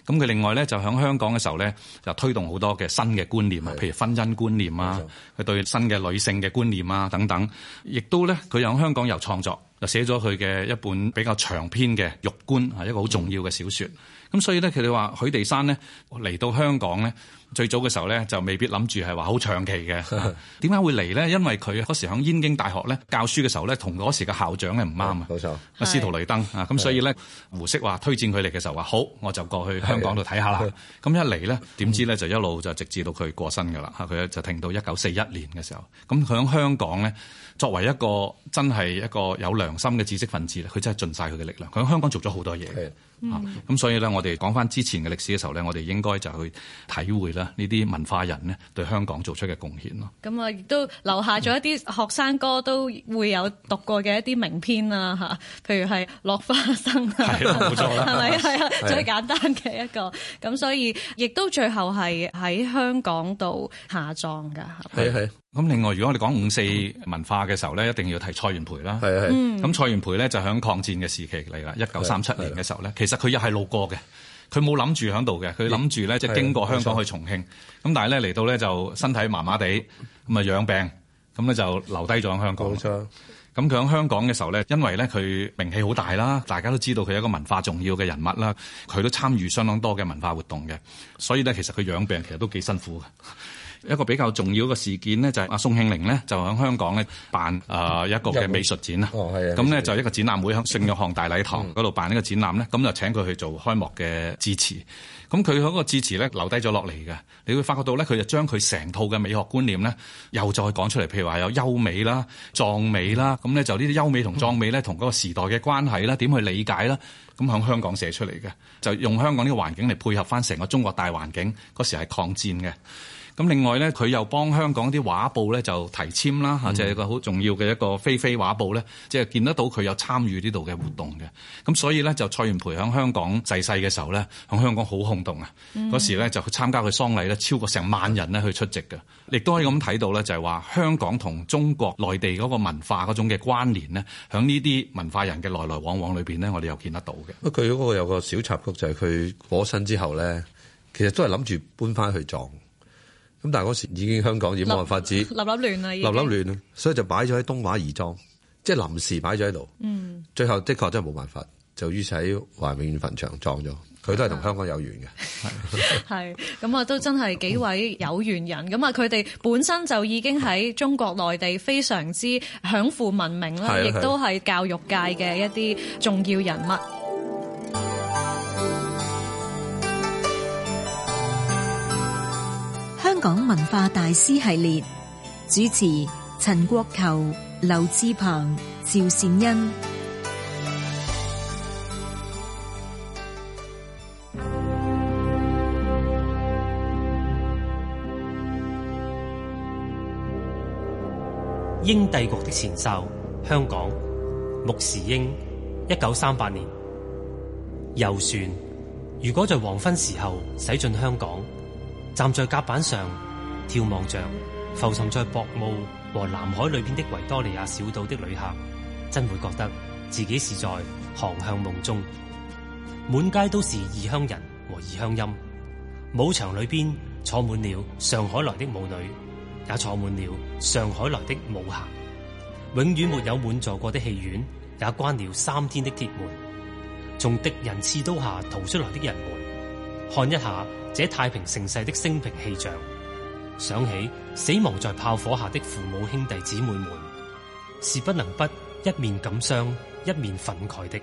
咁佢另外咧就喺香港嘅時候咧，就推動好多嘅新嘅觀念啊，譬如婚姻觀念啊，佢對新嘅女性嘅觀念啊等等。亦都咧，佢喺香港有創作，就寫咗佢嘅一本比較長篇嘅《玉觀》，嗯、一個好重要嘅小說。咁所以咧，佢哋話許地山咧嚟到香港咧。最早嘅時候咧，就未必諗住係話好長期嘅。點解會嚟呢？因為佢嗰時喺燕京大學咧教書嘅時候咧，同嗰時嘅校長係唔啱啊。冇錯，啊司徒雷登啊，咁所以咧胡適話推薦佢嚟嘅時候話：好，我就過去香港度睇下啦。咁一嚟呢，點知咧就一路就直至到佢過身㗎啦。嚇，佢就停到一九四一年嘅時候。咁喺香港咧，作為一個真係一個有良心嘅知識分子咧，佢真係盡晒佢嘅力量。佢喺香港做咗好多嘢。咁、嗯啊、所以咧，我哋講返之前嘅歷史嘅時候咧，我哋應該就去體會啦，呢啲文化人咧對香港做出嘅貢獻咯。咁、嗯、啊，亦都留下咗一啲學生哥都會有讀過嘅一啲名篇啊，嚇，譬如係《落花生》啊，係冇錯啦，係 咪？係啊，最簡單嘅一個。咁所以亦都最後係喺香港度下葬㗎。係係。咁另外，如果我哋講五四文化嘅時候咧、嗯，一定要提蔡元培啦。係係。咁、嗯、蔡元培呢，就響抗戰嘅時期嚟啦，一九三七年嘅時候咧，其實佢又係路過嘅，佢冇諗住喺度嘅，佢諗住咧即係經過香港去重慶，咁但係咧嚟到咧就身體麻麻地，咁啊養病，咁咧就留低咗香港。冇錯，咁佢喺香港嘅時候咧，因為咧佢名氣好大啦，大家都知道佢係一個文化重要嘅人物啦，佢都參與相當多嘅文化活動嘅，所以咧其實佢養病其實都幾辛苦嘅。一個比較重要嘅事件呢，就係阿宋慶齡呢，就喺香港咧辦誒一個嘅美術展啦。咁呢，哦、就一個展覽會喺聖約翰大禮堂嗰度辦呢個展覽咧，咁、嗯、就請佢去做開幕嘅致辭。咁佢嗰個致辭咧留低咗落嚟嘅，你會發覺到咧，佢就將佢成套嘅美學觀念咧，又再講出嚟。譬如話有優美啦、壯美啦，咁咧就呢啲優美同壯美咧，同嗰個時代嘅關係啦，點去理解啦？咁喺香港寫出嚟嘅，就用香港呢個環境嚟配合翻成個中國大環境。嗰時係抗戰嘅。咁另外咧，佢又幫香港啲畫報咧、嗯、就提簽啦，嚇，即係一個好重要嘅一個非非畫報咧，即係見得到佢有參與呢度嘅活動嘅。咁所以咧，就蔡元培喺香港逝世嘅時候咧，響香港好轟動啊！嗰、嗯、時咧就去參加佢喪禮咧，超過成萬人咧去出席嘅。亦都可以咁睇到咧，就係話香港同中國內地嗰個文化嗰種嘅關聯咧，響呢啲文化人嘅來來往往裏面咧，我哋又見得到嘅。佢嗰個有個小插曲就係佢過身之後咧，其實都係諗住搬翻去葬。咁但係嗰時已經香港已經冇辦法止，立立亂啦，立立亂啊，所以就擺咗喺東華義莊，即、就、係、是、臨時擺咗喺度。嗯，最後的確真係冇辦法，就於使華美園墳場葬咗佢，都係同香港有緣嘅。係，咁 啊，都真係幾位有緣人。咁、嗯、啊，佢哋本身就已經喺中國內地非常之享負文明啦，亦都係教育界嘅一啲重要人物。香港文化大師系列主持：陳國球、劉志鵬、趙善恩。英帝國的前哨，香港。穆時英，一九三八年遊船。如果在黃昏時候駛進香港。站在甲板上眺望着浮沉在薄霧和南海裏邊的維多利亞小島的旅客，真會覺得自己是在航向夢中。滿街都是異鄉人和異鄉音，舞場裏邊坐滿了上海來的舞女，也坐滿了上海來的舞客。永遠沒有滿座過的戲院也關了三天的鐵門。從敵人刺刀下逃出來的人們。看一下這太平盛世的升平氣象，想起死亡在炮火下的父母兄弟姊妹們，是不能不一面感傷，一面憤慨的。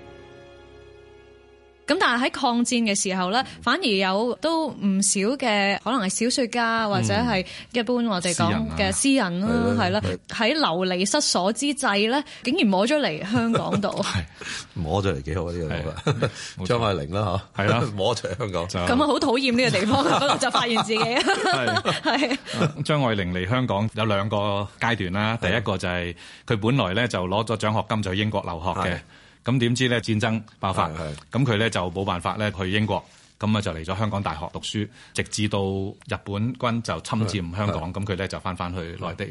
咁但係喺抗戰嘅時候咧，反而有都唔少嘅可能係小說家或者係一般我哋講嘅詩人囉。係啦、啊，喺流離失所之際咧，竟然摸咗嚟香港度， 摸咗嚟幾好啊，呢個張愛玲啦嚇，係啦， 摸咗香港咁啊，好討厭呢個地方，嗰 度就發現自己係 張愛玲嚟香港有兩個階段啦，第一個就係、是、佢本來咧就攞咗獎學金就去英國留學嘅。咁點知咧戰爭爆發，咁佢咧就冇辦法咧去英國。咁啊就嚟咗香港大學讀書，直至到日本軍就侵佔香港，咁佢咧就翻翻去內地。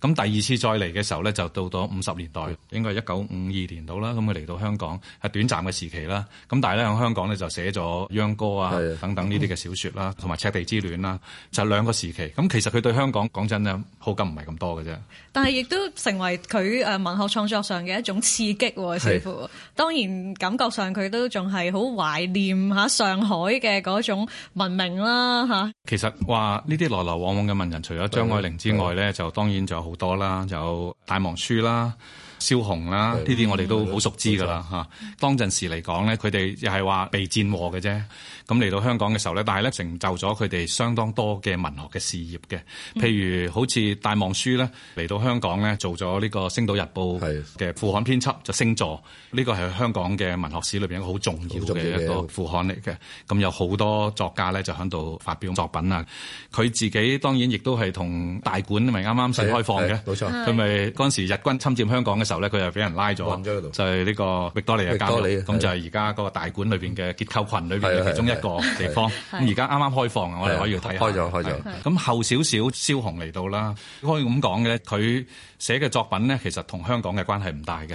咁第二次再嚟嘅時候咧，就到咗五十年代，應該係一九五二年度啦。咁佢嚟到香港係短暫嘅時期啦。咁但係咧響香港咧就寫咗秧歌啊等等呢啲嘅小說啦，同埋《赤地之戀》啦，就兩個時期。咁其實佢對香港講真咧好感唔係咁多嘅啫。但係亦都成為佢誒文學創作上嘅一種刺激，似乎當然感覺上佢都仲係好懷念下上海。嚇，嘅嗰種文明啦，其實話呢啲來來往往嘅文人，除咗張愛玲之外咧，就當然仲有好多啦，有戴望舒啦、蕭紅啦，呢啲我哋都好熟知噶啦嚇。當陣時嚟講咧，佢哋又係話被戰禍嘅啫。咁嚟到香港嘅時候咧，但係咧成就咗佢哋相當多嘅文學嘅事業嘅，譬如好似戴望舒咧嚟到香港咧做咗呢個《星島日報》嘅副刊編輯，就星座呢個係香港嘅文學史裏邊一個好重要嘅一個副刊嚟嘅。咁有好多作家咧就喺度發表作品啊！佢自己當然亦都係同大館，咪啱啱新開放嘅，冇錯。佢咪嗰陣時日軍侵佔香港嘅時候咧，佢又俾人拉咗，就係呢個域多利嘅監獄，咁就係而家嗰個大館裏邊嘅結構群裏邊嘅其中一個地方而家啱啱開放啊，我哋可以睇開開咗，開咗。咁後少少蕭紅嚟到啦，可以咁講嘅，佢寫嘅作品咧，其實同香港嘅關係唔大嘅。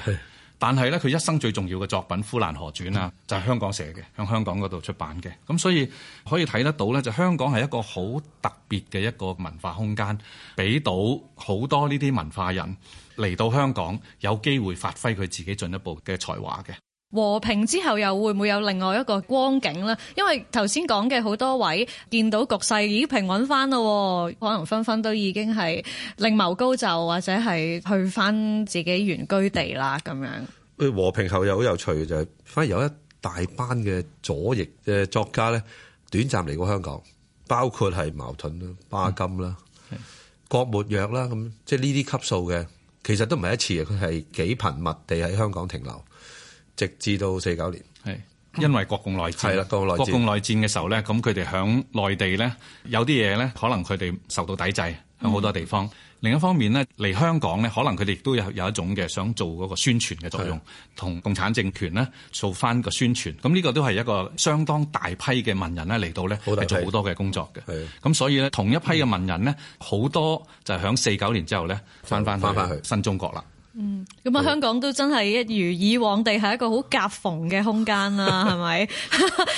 但係咧，佢一生最重要嘅作品《呼蘭河傳》啊，就係、是、香港寫嘅，向香港嗰度出版嘅。咁所以可以睇得到咧，就是、香港係一個好特別嘅一個文化空間，俾到好多呢啲文化人嚟到香港有機會發揮佢自己進一步嘅才華嘅。和平之後又會唔會有另外一個光景呢？因為頭先講嘅好多位見到局勢已經平穩翻咯，可能紛紛都已經係另謀高就，或者係去翻自己原居地啦，咁樣。和平後又好有趣嘅就係，反而有一大班嘅左翼嘅作家咧，短暫嚟過香港，包括係矛盾啦、巴金啦、郭沫若啦，咁即係呢啲級數嘅，其實都唔係一次嘅，佢係幾頻密地喺香港停留。直至到四九年，係因為國共內戰係啦，國共內戰嘅時候呢，咁佢哋響內地呢，有啲嘢呢，可能佢哋受到抵制，響、嗯、好多地方。另一方面呢，嚟香港呢，可能佢哋亦都有有一種嘅想做嗰個宣傳嘅作用，同共產政權呢，做翻個宣傳。咁呢個都係一個相當大批嘅文人呢嚟到呢做好多嘅工作嘅。咁，所以呢，同一批嘅文人呢，好、嗯、多就係響四九年之後呢，翻翻翻翻去，去新中國啦。嗯，咁啊，香港都真係一如以往地係一個好夾縫嘅空間啦，係咪？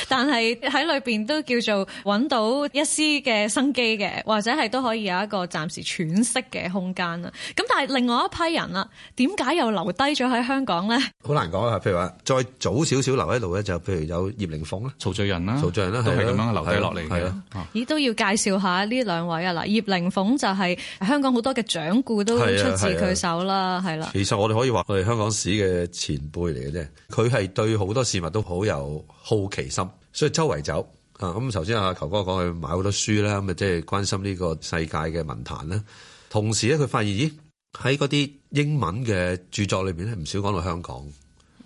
但係喺裏邊都叫做揾到一絲嘅生機嘅，或者係都可以有一個暫時喘息嘅空間啦。咁但係另外一批人啊，點解又留低咗喺香港咧？好難講啊，譬如話再早少少留喺度咧，就譬如有葉靈鳳啦、曹聚仁啦、曹聚仁啦，都係咁樣留低落嚟嘅。咦，都要介紹下呢兩位啊嗱，葉靈鳳就係香港好多嘅掌故都出自佢手啦，係啦。其實我哋可以話佢係香港史嘅前輩嚟嘅啫，佢係對好多事物都好有好奇心，所以周圍走啊。咁頭先阿球哥講佢買好多書啦，咁啊即係關心呢個世界嘅文壇啦。同時咧，佢發現咦，喺嗰啲英文嘅著作裏面咧，唔少講到香港。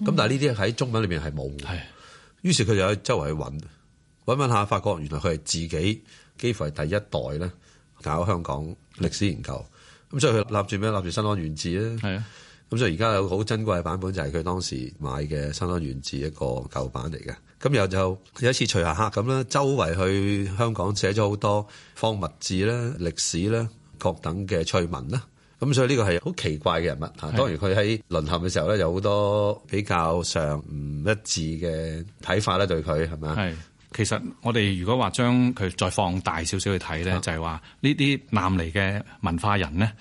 咁但係呢啲喺中文裏面係冇嘅。於是佢就去周圍去揾揾揾下法國，發覺原來佢係自己幾乎係第一代咧搞香港歷史研究。咁所以佢立住咩？立住《新安縣志》咧。係啊。咁所以而家有好珍貴嘅版本，就係佢當時買嘅《新安縣志》一個舊版嚟嘅。咁又就有一次徐霞客咁啦，周圍去香港寫咗好多方物志啦、歷史啦、各等嘅趣聞啦。咁所以呢個係好奇怪嘅人物嚇。當然佢喺淪陷嘅時候咧，有好多比較上唔一致嘅睇法咧，對佢係咪啊？係。其實我哋如果話將佢再放大少少去睇咧、嗯，就係話呢啲南嚟嘅文化人咧，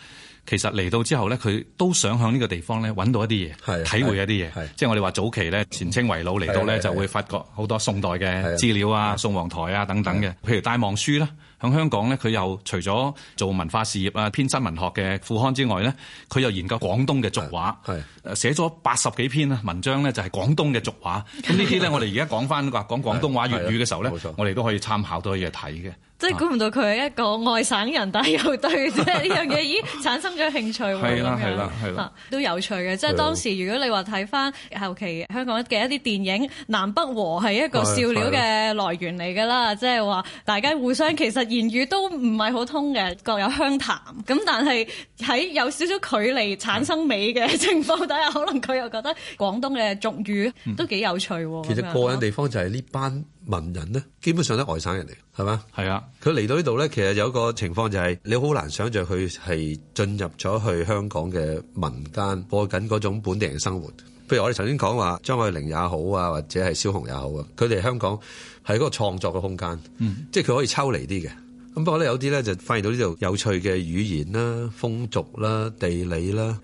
其實嚟到之後咧，佢都想向呢個地方咧揾到一啲嘢，體會一啲嘢。即係我哋話早期咧、嗯，前清遺老嚟到咧，就會發覺好多宋代嘅資料啊、宋王台啊等等嘅，譬如《大望書》啦。喺香港咧，佢又除咗做文化事業啊、編新文學嘅副刊之外咧，佢又研究廣東嘅俗話，誒寫咗八十幾篇咧文章咧，就係廣東嘅俗話。咁呢啲咧，我哋而家講翻話講廣東話粵語嘅時候咧，我哋都可以參考多嘢睇嘅。即係估唔到佢係一個外省人，但係又對呢 樣嘢已經產生咗興趣喎。係 啦，係啦，係啦，都有趣嘅。即係當時，如果你話睇翻後期香港嘅一啲電影，《南北和》係一個笑料嘅來源嚟㗎啦。即係話大家互相其實言語都唔係好通嘅，各有鄉談。咁但係喺有少少距離產生美嘅情況底下，可能佢又覺得廣東嘅俗語都幾有趣、嗯。其實過癮地方就係呢班文人咧，基本上都外省人嚟，係嘛？係啊，佢嚟到呢度咧，其實有個情況就係、是、你好難想像佢係進入咗去香港嘅民間過緊嗰種本地人生活。譬如我哋頭先講話張愛玲也好啊，或者係蕭紅也好啊，佢哋喺香港係嗰個創作嘅空間，嗯、即係佢可以抽離啲嘅。咁不過咧，有啲咧就發現到呢度有趣嘅語言啦、風俗啦、地理啦，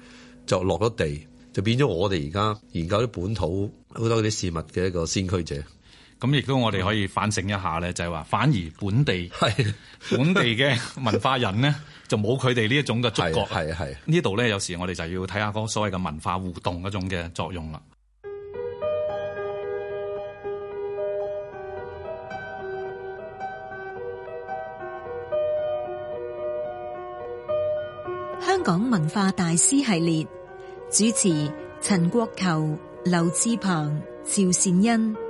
就落咗地就變咗我哋而家研究啲本土好多嗰啲事物嘅一個先驅者。咁亦都我哋可以反省一下咧，就係話反而本地 本地嘅文化人咧，就冇佢哋呢一種嘅觸覺。係啊係。呢度咧，有時我哋就要睇下嗰所謂嘅文化互動嗰種嘅作用啦。香港文化大師系列主持：陳國球、劉志鵬、趙善恩。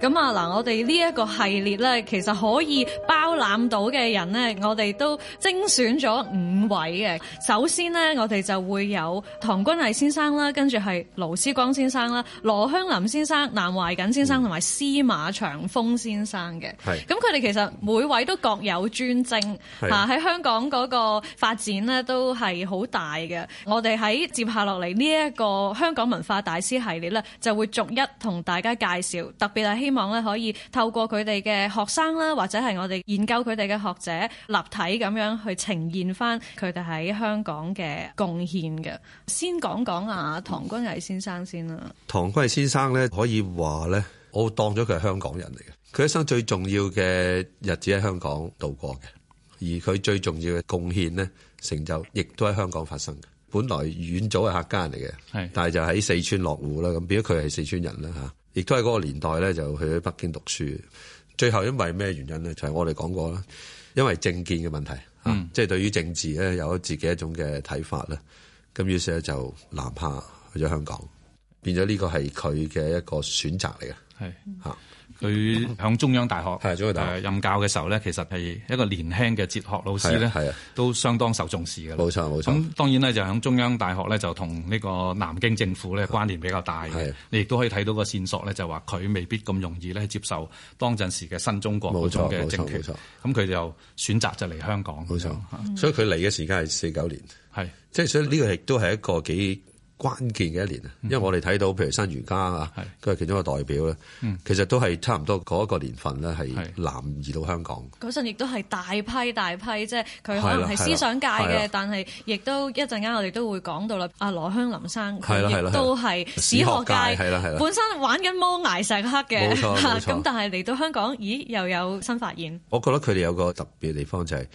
咁啊嗱，我哋呢一個系列咧，其實可以包攬到嘅人咧，我哋都精選咗五位嘅。首先咧，我哋就會有唐君毅先生啦，跟住係盧思光先生啦，羅香林先生、南懷瑾先生同埋司馬長風先生嘅。係。咁佢哋其實每位都各有專精，嚇喺、啊、香港嗰發展咧都係好大嘅。我哋喺接下落嚟呢一個香港文化大師系列咧，就會逐一同大家介紹，特別係。希望咧可以透過佢哋嘅學生啦，或者係我哋研究佢哋嘅學者，立體咁樣去呈現翻佢哋喺香港嘅貢獻嘅。先講講啊，唐君毅先生先啦。唐君毅先生咧可以話咧，我當咗佢係香港人嚟嘅。佢一生最重要嘅日子喺香港度過嘅，而佢最重要嘅貢獻咧，成就亦都喺香港發生嘅。本來遠祖係客家人嚟嘅，係，但係就喺四川落戶啦。咁變咗佢係四川人啦，嚇。亦都係嗰個年代咧，就去咗北京讀書。最後因為咩原因咧，就係、是、我哋講過啦，因為政見嘅問題，嚇、嗯，即係對於政治咧有自己一種嘅睇法咧。咁於是咧就南下去咗香港，變咗呢個係佢嘅一個選擇嚟嘅。係嚇。嗯佢喺中央大學任教嘅時候咧，其實係一個年輕嘅哲學老師咧，都相當受重視嘅。冇錯冇錯。咁當然咧就喺中央大學咧，就同呢個南京政府咧關聯比較大。你亦都可以睇到個線索咧，就話佢未必咁容易咧接受當陣時嘅新中國嗰種嘅政權。冇錯。咁佢就選擇就嚟香港。冇錯，所以佢嚟嘅時間係四九年。係，即係所以呢個亦都係一個幾關鍵嘅一年啊，因為我哋睇到譬如新儒家啊，佢係其中一個代表咧，其實都係差唔多嗰一個年份咧，係南移到香港。嗰陣亦都係大批大批，即係佢可能係思想界嘅，但係亦都一陣間我哋都會講到啦。阿羅香林生佢亦都係史學界，係啦係啦，本身玩緊摩崖石刻嘅，冇錯冇錯，咁但係嚟到香港，咦又有新發現？我覺得佢哋有個特別嘅地方就係、是。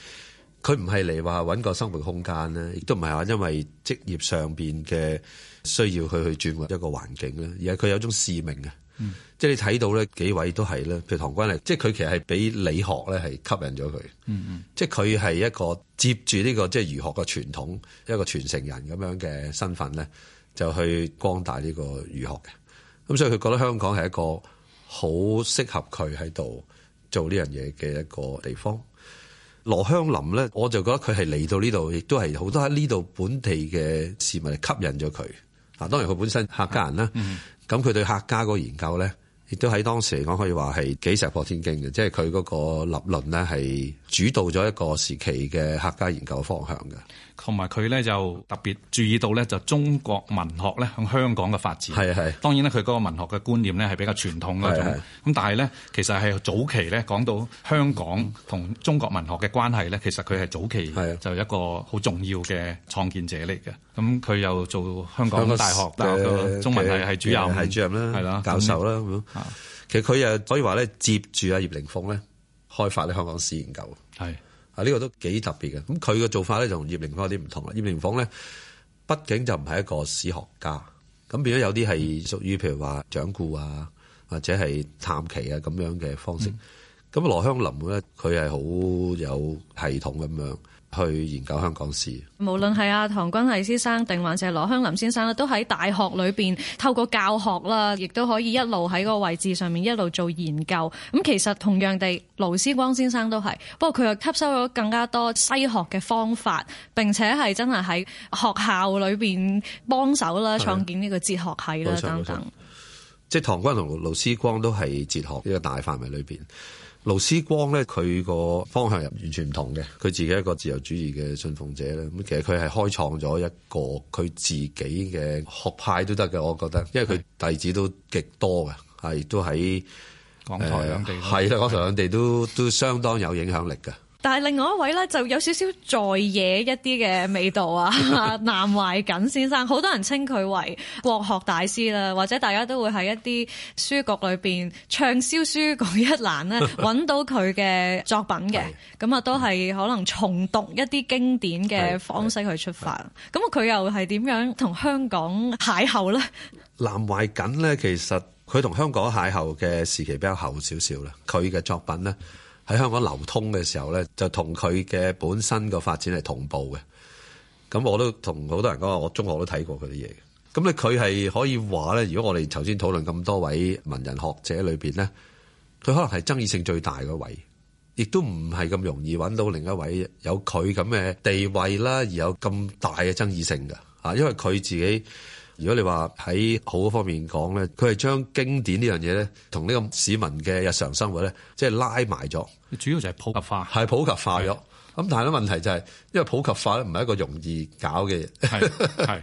佢唔係嚟話揾個生活空間咧，亦都唔係話因為職業上邊嘅需要佢去轉換一個環境咧，而係佢有一種使命嘅、嗯。即係你睇到咧，幾位都係啦，譬如唐君毅，即係佢其實係俾理學咧係吸引咗佢、嗯嗯。即係佢係一個接住呢、這個即係儒學嘅傳統一個傳承人咁樣嘅身份咧，就去光大呢個儒學嘅。咁所以佢覺得香港係一個好適合佢喺度做呢樣嘢嘅一個地方。羅香林咧，我就覺得佢係嚟到呢度，亦都係好多喺呢度本地嘅事物吸引咗佢。啊，當然佢本身客家人啦，咁、嗯、佢對客家個研究咧，亦都喺當時嚟講可以話係幾石破天驚嘅，即係佢嗰個立論咧係主導咗一個時期嘅客家研究方向嘅。同埋佢咧就特別注意到咧，就中國文學咧向香港嘅發展。係當然咧，佢嗰個文學嘅觀念咧係比較傳統嗰種。咁但係咧，其實係早期咧講到香港同中國文學嘅關係咧，其實佢係早期就一個好重要嘅創建者嚟嘅。咁佢又做香港大學嘅中文係係主任係主任啦，係啦教授啦咁。嚇、嗯，其實佢又所以話咧，接住阿葉靈鳳咧，開發咧香港史研究呢、啊這個都幾特別嘅，咁佢嘅做法咧，就同葉靈鳳有啲唔同啦。葉靈鳳咧，畢竟就唔係一個史學家，咁變咗有啲係屬於譬如話掌故啊，或者係探奇啊咁樣嘅方式。咁羅香林咧，佢係好有系統咁樣。去研究香港史，無論係阿唐君毅先生定還是羅香林先生咧，都喺大學裏邊透過教學啦，亦都可以一路喺個位置上面一路做研究。咁其實同樣地，盧思光先生都係，不過佢又吸收咗更加多西學嘅方法，並且係真係喺學校裏邊幫手啦，創建呢個哲學系啦，等等。即係唐君同盧思光都係哲學呢個大範圍裏邊。盧思光咧，佢個方向又完全唔同嘅。佢自己一個自由主義嘅信奉者咧，咁其實佢係開創咗一個佢自己嘅學派都得嘅。我覺得，因為佢弟子都極多嘅，係都喺港台兩地，係啦，港台兩地都都相當有影響力嘅。但係另外一位咧，就有少少在野一啲嘅味道啊！ 南懷瑾先生，好多人稱佢為國學大師啦，或者大家都會喺一啲書局裏邊暢銷書嗰一欄咧，揾到佢嘅作品嘅。咁啊，都係可能重讀一啲經典嘅方式去出發。咁 佢又係點樣同香港邂逅呢？南懷瑾呢，其實佢同香港邂逅嘅時期比較後少少啦，佢嘅作品呢。喺香港流通嘅時候咧，就同佢嘅本身個發展係同步嘅。咁我都同好多人講話，我中學都睇過佢啲嘢。咁咧，佢係可以話咧，如果我哋頭先討論咁多位文人學者裏邊咧，佢可能係爭議性最大嗰位，亦都唔係咁容易揾到另一位有佢咁嘅地位啦，而有咁大嘅爭議性嘅。啊，因為佢自己。如果你話喺好方面講咧，佢係將經典呢樣嘢咧，同呢個市民嘅日常生活咧，即係拉埋咗。主要就係普及化，係普及化咗。咁但係咧，問題就係、是，因為普及化咧唔係一個容易搞嘅嘢。係，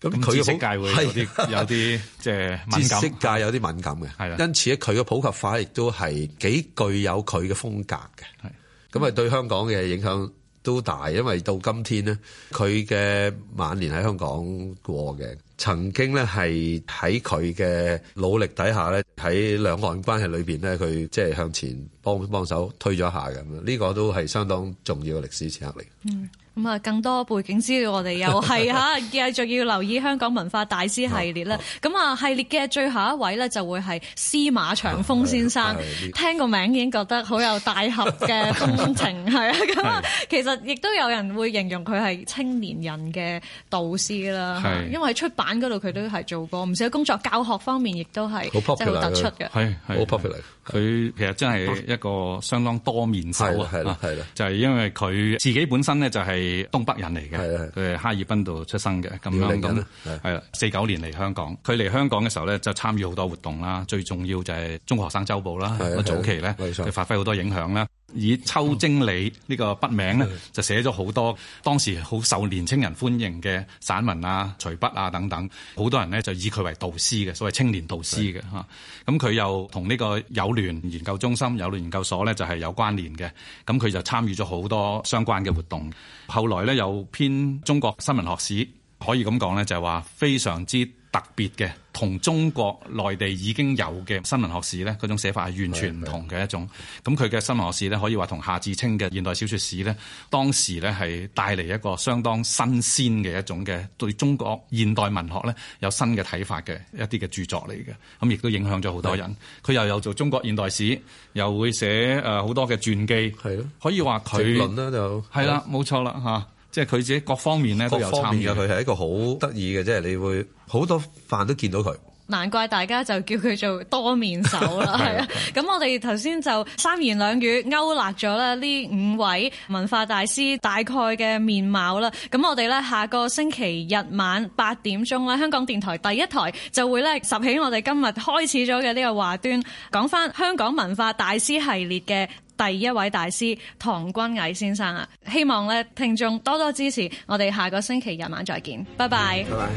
咁佢好係會有啲即係知識界有啲敏感嘅，係啦。因此咧，佢嘅普及化亦都係幾具有佢嘅風格嘅。係，咁啊對香港嘅影響。都大，因為到今天呢，佢嘅晚年喺香港過嘅，曾經呢，係喺佢嘅努力底下呢，喺兩岸關係裏邊呢，佢即係向前幫幫手推咗一下咁，呢、這個都係相當重要嘅歷史時刻嚟。嗯咁啊，更多背景資料，我哋又係吓繼續要留意香港文化大師系列啦。咁啊，系列嘅最後一位咧，就會係司馬長風先生。 聽個名已經覺得好有大俠嘅風情，係啊。咁啊，其實亦都有人會形容佢係青年人嘅導師啦。 因為出版嗰度佢都係做過，唔少工作。教學方面亦都係，即係好突出嘅。係好 popular。佢其實真係一個相當多面手啊。係啦，係啦，就係、是、因為佢自己本身咧，就係、是。係東北人嚟嘅，佢係哈爾濱度出生嘅，咁樣咁，係啊，四九年嚟香港。佢嚟香港嘅時候咧，就參與好多活動啦。最重要就係中學生周報啦，早期咧，佢發揮好多影響啦。以秋精理呢個筆名咧，就寫咗好多當時好受年青人歡迎嘅散文啊、隨筆啊等等，好多人呢，就以佢為導師嘅，所謂青年導師嘅吓。咁佢、嗯、又同呢個友聯研究中心、友聯研究所呢，就係、是、有關聯嘅。咁佢就參與咗好多相關嘅活動。後來呢，有編《中國新聞學史》，可以咁講呢，就係、是、話非常之。特別嘅同中國內地已經有嘅新聞學史呢，嗰種寫法係完全唔同嘅一種。咁佢嘅新聞學史呢，可以話同夏志清嘅現代小說史呢，當時呢係帶嚟一個相當新鮮嘅一種嘅對中國現代文學呢有新嘅睇法嘅一啲嘅著作嚟嘅。咁亦都影響咗好多人。佢又有做中國現代史，又會寫誒好多嘅傳記。係咯，可以話佢係啦，冇錯啦嚇。即係佢自己各方面咧都有參與嘅，佢係一個好得意嘅，即係你會好多飯都見到佢。難怪大家就叫佢做多面手啦，係啊 是的！咁 我哋頭先就三言兩語勾勒咗咧呢五位文化大師大概嘅面貌啦。咁我哋咧下個星期日晚八點鐘啦，香港電台第一台就會咧拾起我哋今日開始咗嘅呢個話端，講翻香港文化大師系列嘅。第一位大師唐君毅先生啊，希望咧聽眾多多支持，我哋下個星期日晚再見，拜拜，拜拜。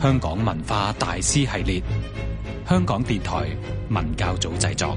香港文化大師系列，香港電台文教組製作。